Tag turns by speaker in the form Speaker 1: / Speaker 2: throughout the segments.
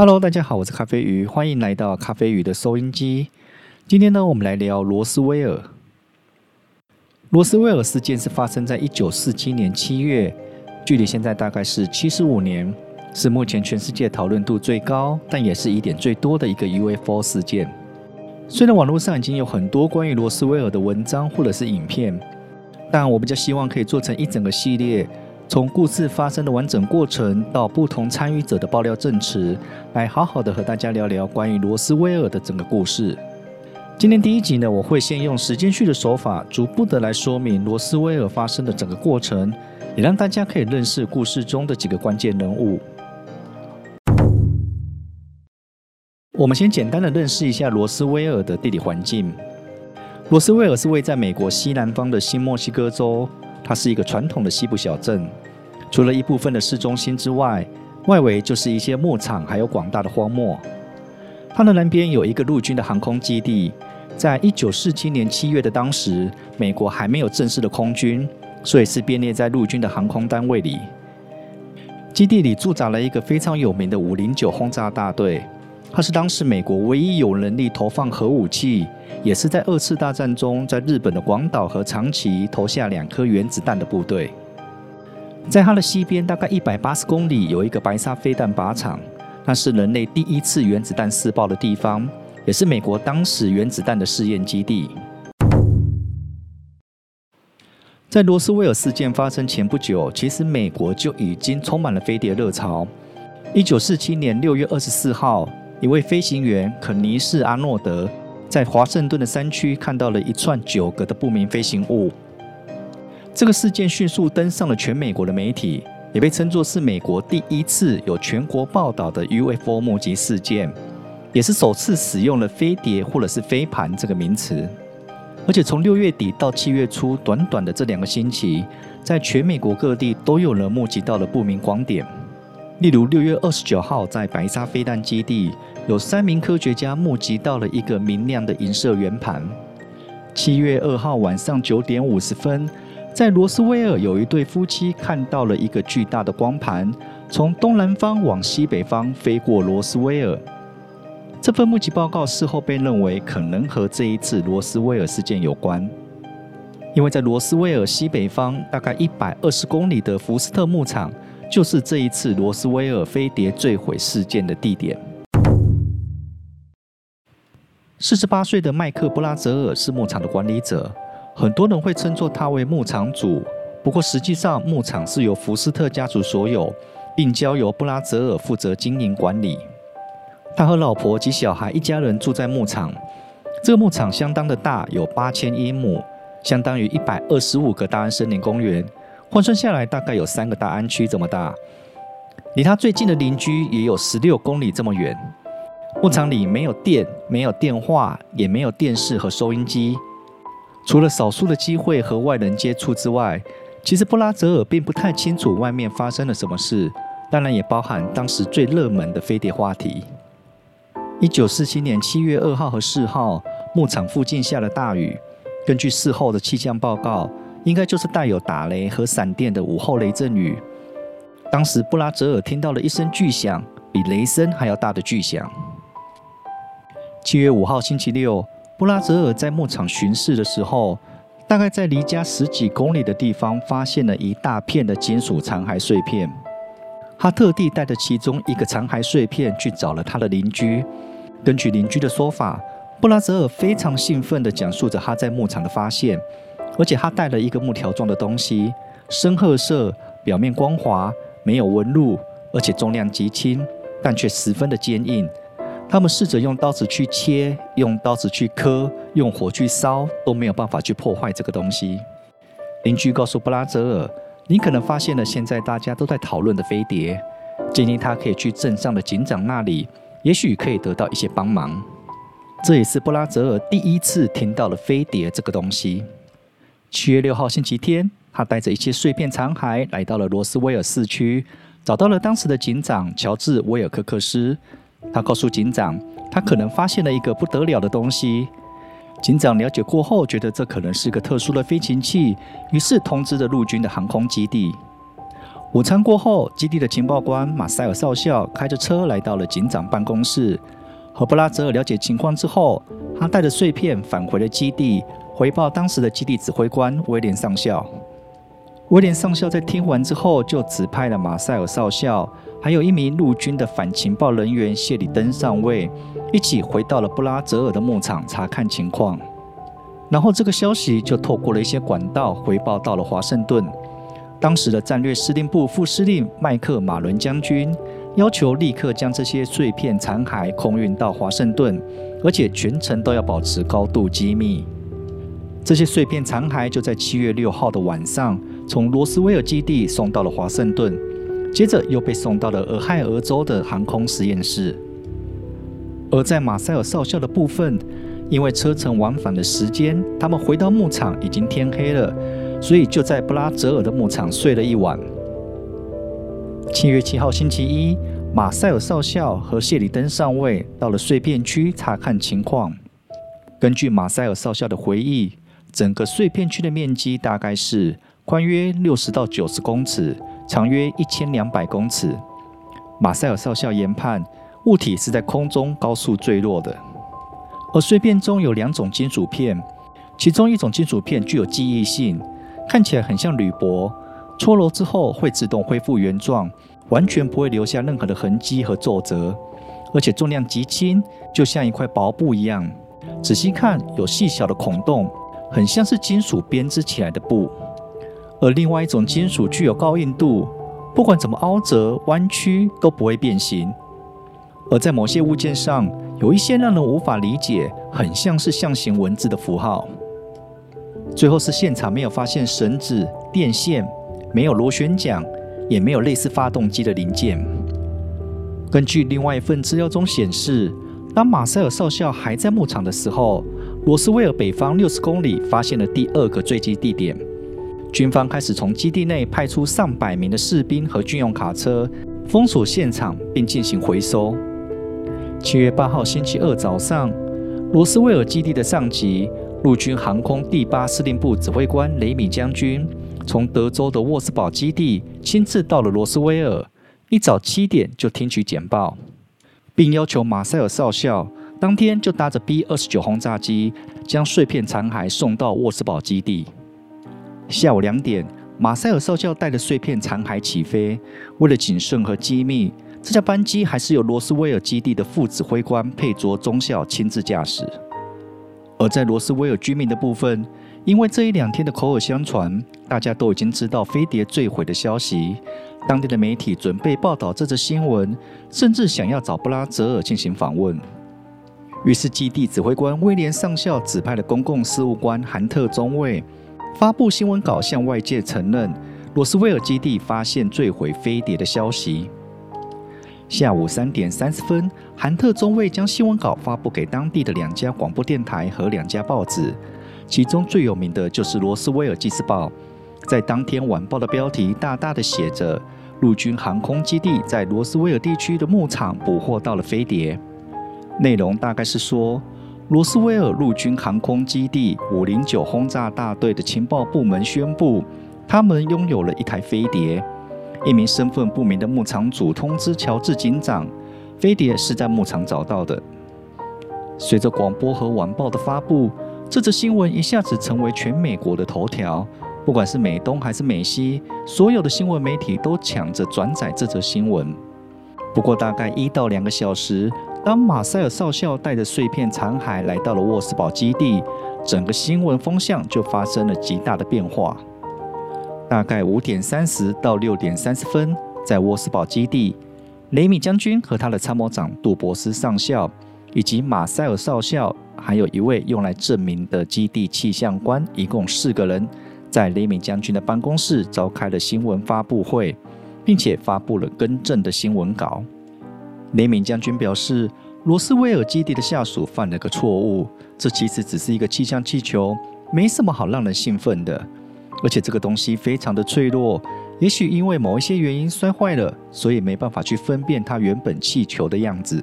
Speaker 1: Hello，大家好，我是咖啡魚，歡迎來到咖啡魚的收音機。今天呢，我們來聊羅斯威爾。羅斯威爾事件是發生在一九四七年七月，距離現在大概是七十五年，是目前全世界討論度最高，但也是疑點最多的一個 UFO 事件。雖然網絡上已經有很多關於羅斯威爾的文章或者是影片，但我比較希望可以做成一整個系列。從故事發生的完整過程，到不同參與者的爆料證詞，來好好的和大家聊聊關於羅斯威爾的整個故事。今天第一集呢，我會先用時間序的手法，逐步的來說明羅斯威爾發生的整個過程，也讓大家可以認識故事中的幾個關鍵人物。我們先簡單的認識一下羅斯威爾的地理環境。羅斯威爾是位在美國西南方的新墨西哥州。它是一個傳統的西部小鎮，除了一部分的市中心之外，外圍就是一些牧場，還有廣大的荒漠。它的南邊有一個陸軍的航空基地，在一九四七年七月的當時，美國還沒有正式的空軍，所以是編列在陸軍的航空單位裡。基地裡駐紮了一個非常有名的五零九轟炸大隊。它是當時美國唯一有能力投放核武器，也是在二次大戰中在日本的廣島和長崎投下兩顆原子彈的部隊。在它的西邊，大概一百八十公里有一個白沙飛彈靶場，那是人類第一次原子彈試爆的地方，也是美國當時原子彈的試驗基地。在羅斯威爾事件發生前不久，其實美國就已經充滿了飛碟熱潮。一九四七年六月二十四號。一位飛行員肯尼士·阿諾德在華盛頓的山區看到了一串九個的不明飛行物。這個事件迅速登上了全美國的媒體，也被稱作是美國第一次有全國報道的 UFO 目擊事件，也是首次使用了“飛碟”或者是“飛盤”這個名詞。而且從六月底到七月初，短短的這兩個星期，在全美國各地都有人目擊到了不明光點。例如，六月二十九號，在白沙飛彈基地，有三名科學家目擊到了一個明亮的銀色圓盤。七月二號晚上九點五十分，在羅斯威爾有一對夫妻看到了一個巨大的光盤，從東南方往西北方飛過羅斯威爾。這份目擊報告事後被認為可能和這一次羅斯威爾事件有關，因為在羅斯威爾西北方大概一百二十公里的福斯特牧場。就是這一次羅斯威爾飛碟墜毀事件的地點48的。四十八歲的麥克布拉澤爾是牧場的管理者，很多人會稱作他為牧場主。不過實際上，牧場是由福斯特家族所有，並交由布拉澤爾負責經營管理。他和老婆及小孩一家人住在牧場。這個牧場相當的大，有八千英畝，相當於一百二十五個大安森林公園。換算下來，大概有三個大安區這麼大。離他最近的鄰居也有十六公里這麼遠。牧場裡沒有電，沒有電話，也沒有電視和收音機。除了少數的機會和外人接觸之外，其實布拉澤爾並不太清楚外面發生了什麼事，當然也包含當時最熱門的飛碟話題。一九四七年七月二號和四號，牧場附近下了大雨。根據事後的氣象報告，應該就是帶有打雷和閃電的午後雷陣雨。當時布拉澤爾聽到了一聲巨響，比雷聲還要大的巨響。七月五號星期六，布拉澤爾在牧場巡視的時候，大概在離家十幾公里的地方，發現了一大片的金屬殘骸碎片。他特地帶着其中一個殘骸碎片去找了他的鄰居。根據鄰居的說法，布拉澤爾非常興奮地講述着他在牧場的發現。而且他帶了一個木條狀的東西，深褐色，表面光滑，沒有紋路，而且重量極輕，但卻十分的堅硬。他們試着用刀子去切，用刀子去磕，用火去燒，都沒有辦法去破壞這個東西。鄰居告訴布拉澤爾：“你可能發現了現在大家都在討論的飛碟，建議他可以去鎮上的警長那裡，也許可以得到一些幫忙。”這也是布拉澤爾第一次聽到了飛碟這個東西。七月六號星期天，他帶着一些碎片殘骸來到了羅斯威爾市區，找到了當時的警長喬治威爾科克斯。他告訴警長，他可能發現了一個不得了的東西。警長了解過後，覺得這可能是個特殊的飛行器，於是通知了陸軍的航空基地。午餐過後，基地的情報官馬塞爾少校開着車來到了警長辦公室，和布拉澤爾了解情況之後，他帶着碎片返回了基地。回報當時的基地指揮官威廉上校。威廉上校在聽完之後，就指派了馬塞爾少校，還有一名陸軍的反情報人員謝里登上尉，一起回到了布拉澤爾的牧場查看情況。然後，這個消息就透過了一些管道回報到了華盛頓。當時的戰略司令部副司令麥克馬倫將軍要求立刻將這些碎片殘骸空運到華盛頓，而且全程都要保持高度機密。這些碎片殘骸就在七月六號的晚上，從羅斯威爾基地送到了華盛頓，接着又被送到了俄亥俄州的航空實驗室。而在馬塞爾少校的部分，因為車程往返的時間，他們回到牧場已經天黑了，所以就在布拉澤爾的牧場睡了一晚。七月七號星期一，馬塞爾少校和謝里登上尉到了碎片區查看情況。根據馬塞爾少校的回憶，整個碎片區的面積大概是寬約六十到九十公尺，長約一千兩百公尺。馬塞爾少校研判，物體是在空中高速墜落的，而碎片中有兩種金屬片，其中一種金屬片具有記憶性，看起來很像鋁箔，搓揉之後會自動恢復原狀，完全不會留下任何的痕跡和皺褶，而且重量極輕，就像一塊薄布一樣。仔細看，有細小的孔洞。很像是金屬編織起來的布，而另外一種金屬具有高硬度，不管怎麼凹折彎曲都不會變形。而在某些物件上，有一些讓人無法理解，很像是象形文字的符號。最後是現場沒有發現繩子、電線，沒有螺旋槳，也沒有類似發動機的零件。根據另外一份資料中顯示，當馬塞爾少校還在牧場的時候，羅斯威爾北方六十公里發現了第二個墜機地點，軍方開始從基地內派出上百名的士兵和軍用卡車封鎖現場，並進行回收。七月八號星期二早上，羅斯威爾基地的上級陸軍航空第八司令部指揮官雷米將軍從德州的沃斯堡基地親自到了羅斯威爾，一早七點就聽取簡報，並要求馬塞爾少校。當天就搭着 B 二十九轟炸機，將碎片殘骸送到沃斯堡基地。下午兩點，馬塞爾少校帶着碎片殘骸起飛。為了謹慎和機密，這架班機還是由羅斯威爾基地的副指揮官佩卓中校親自駕駛。而在羅斯威爾居民的部分，因為這一兩天的口耳相傳，大家都已經知道飛碟墜毀的消息。當地的媒體準備報道這則新聞，甚至想要找布拉澤爾進行訪問。於是，基地指揮官威廉上校指派了公共事務官韓特中尉發佈新聞稿，向外界承認羅斯威爾基地發現墜毀飛碟的消息。下午三點三十分，韓特中尉將新聞稿發佈給當地的兩家廣播電台和兩家報紙，其中最有名的就是《羅斯威爾記事報》。在當天晚報的標題大大的寫着：“陸軍航空基地在羅斯威爾地區的牧場捕獲到了飛碟。”內容大概是說，羅斯威爾陸軍航空基地五零九轟炸大隊的情報部門宣布，他們擁有了一台飛碟。一名身份不明的牧場主通知喬治警長，飛碟是在牧場找到的。隨着廣播和晚報的發布，這則新聞一下子成為全美國的頭條。不管是美東還是美西，所有的新聞媒體都搶着轉載這則新聞。不過，大概一到兩個小時，當馬塞爾少校帶着碎片殘骸來到了沃斯堡基地，整個新聞風向就發生了極大的變化。大概五點三十到六點三十分，在沃斯堡基地，雷米將軍和他的參謀長杜博斯上校，以及馬塞爾少校，還有一位用來證明的基地氣象官，一共四個人，在雷米將軍的辦公室召開了新聞發布會。並且發布了更正的新聞稿。雷敏將軍表示，羅斯威爾基地的下屬犯了個錯誤，這其實只是一個氣象氣球，沒什麼好讓人興奮的。而且這個東西非常的脆弱，也許因為某一些原因摔壞了，所以沒辦法去分辨它原本氣球的樣子。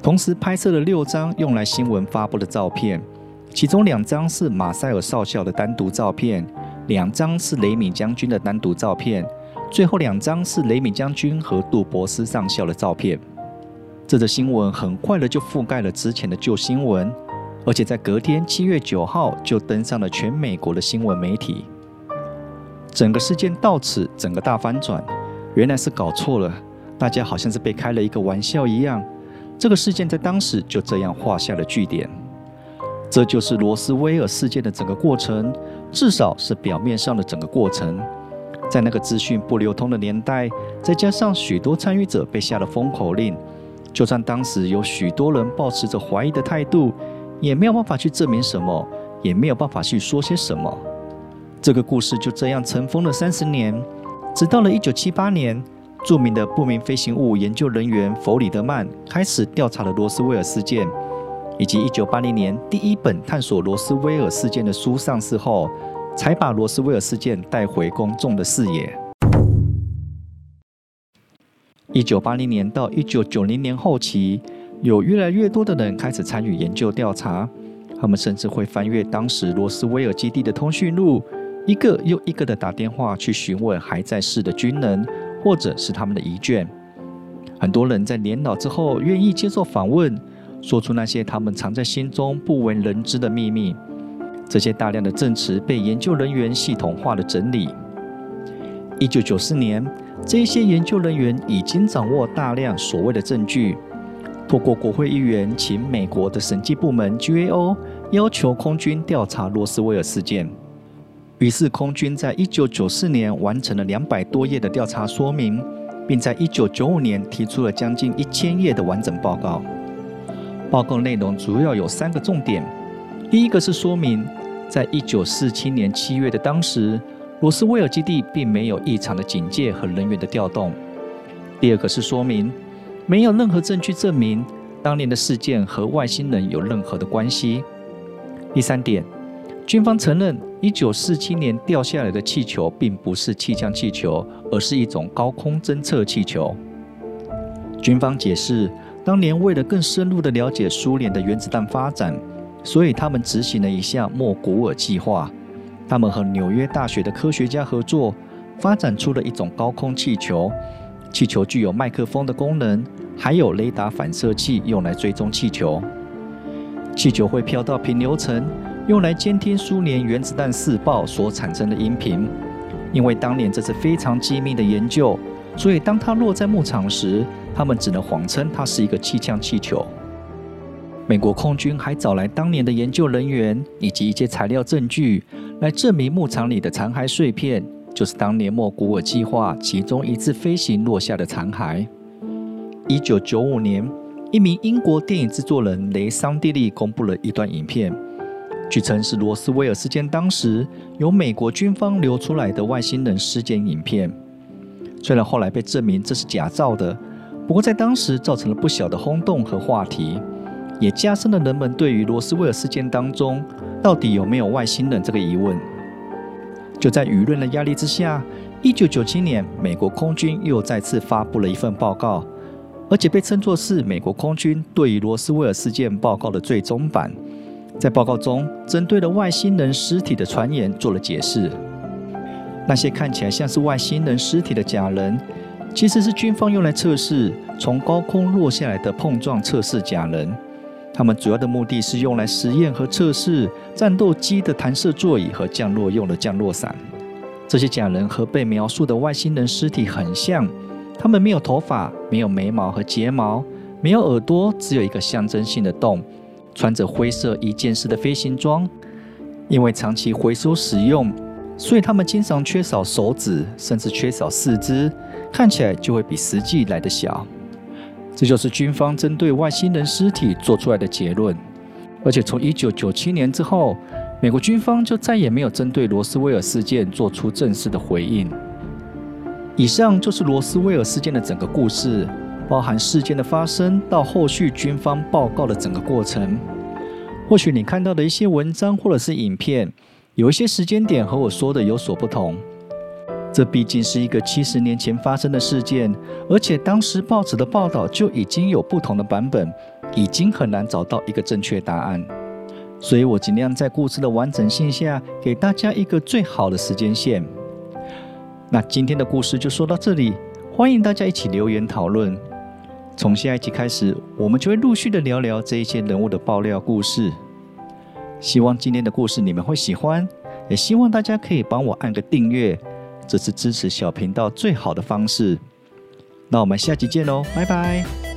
Speaker 1: 同時拍攝了六張用來新聞發布的照片，其中兩張是馬塞爾少校的單獨照片，兩張是雷敏將軍的單獨照片。最後兩張是雷米將軍和杜博斯上校的照片。這則新聞很快的就覆蓋了之前的舊新聞，而且在隔天七月九號就登上了全美國的新聞媒體。整個事件到此整個大反轉，原來是搞錯了，大家好像是被開了一個玩笑一樣。這個事件在當時就這樣畫下了句點。這就是羅斯威爾事件的整個過程，至少是表面上的整個過程。在那個資訊不流通的年代，再加上許多參與者被下了封口令，就算當時有許多人抱持著懷疑的態度，也沒有辦法去證明什麼，也沒有辦法去說些什麼。這個故事就這樣塵封了三十年，直到了一九七八年，著名的不明飛行物研究人員弗里德曼開始調查了羅斯威爾事件，以及一九八零年第一本探索羅斯威爾事件的書上市後。才把羅斯威爾事件帶回公眾的視野。一九八零年到一九九零年後期，有越來越多的人開始參與研究調查。他們甚至會翻閱當時羅斯威爾基地的通訊錄，一個又一個的打電話去詢問還在世的軍人，或者是他們的遺眷。很多人在年老之後，願意接受訪問，說出那些他們藏在心中不為人知的秘密。這些大量的證詞被研究人員系統化的整理。一九九四年，這些研究人員已經掌握大量所謂的證據，透過國會議員請美國的審計部門 G A O 要求空軍調查羅斯威爾事件。於是空軍在一九九四年完成了兩百多頁的調查說明，並在一九九五年提出了將近一千頁的完整報告。報告內容主要有三個重點：第一個是說明。在一九四七年七月的當時，羅斯威爾基地並沒有異常的警戒和人員的調動。第二個是說明，沒有任何證據證明當年的事件和外星人有任何的關係。第三點，軍方承認一九四七年掉下來的氣球並不是氣象氣球，而是一種高空偵測氣球。軍方解釋，當年為了更深入的了解蘇聯的原子彈發展，所以他們執行了一項莫古爾計劃，他們和紐約大學的科學家合作，發展出了一種高空氣球。氣球具有麥克風的功能，還有雷達反射器用來追蹤氣球。氣球會飄到平流層，用來監聽蘇聯原子彈試爆所產生的音頻。因為當年這是非常機密的研究，所以當它落在牧場時，他們只能謊稱它是一個氣象氣球。美國空軍還找來當年的研究人員以及一些材料證據，來證明牧場裡的殘骸碎片就是當年莫古爾計劃其中一次飛行落下的殘骸。一九九五年，一名英國電影制作人雷桑迪利公布了一段影片，據稱是羅斯威爾事件當時由美國軍方流出來的外星人屍檢影片。雖然後來被證明這是假造的，不過在當時造成了不小的轟動和話題。也加深了人們對於羅斯威爾事件當中到底有沒有外星人這個疑問。就在輿論的壓力之下，一九九七年，美國空軍又再次發布了一份報告，而且被稱作是美國空軍對於羅斯威爾事件報告的最終版。在報告中，針對了外星人屍體的傳言做了解釋。那些看起來像是外星人屍體的假人，其實是軍方用來測試從高空落下來的碰撞測試假人。他們主要的目的是用來實驗和測試戰鬥機的彈射座椅和降落用的降落傘。這些假人和被描述的外星人屍體很像，他們沒有頭髮，沒有眉毛和睫毛，沒有耳朵，只有一個象徵性的洞，穿着灰色一件式的飛行裝。因為長期回收使用，所以他們經常缺少手指，甚至缺少四肢，看起來就會比實際來得小。這就是軍方針對外星人屍體做出來的結論，而且從1997年之後，美國軍方就再也沒有針對羅斯威爾事件做出正式的回應。以上就是羅斯威爾事件的整個故事，包含事件的發生到後續軍方報告的整個過程。或許你看到的一些文章或者是影片，有一些時間點和我說的有所不同。這畢竟是一個七十年前發生的事件，而且當時報紙的報道就已經有不同的版本，已經很難找到一個正確答案。所以我盡量在故事的完整性下，給大家一個最好的時間線。那今天的故事就說到這裡，歡迎大家一起留言討論。從下一集開始，我們就會陸續的聊聊這一些人物的爆料故事。希望今天的故事你們會喜歡，也希望大家可以幫我按個訂閱。這是支持小頻道最好的方式。那我們下期見嘍、哦，拜拜。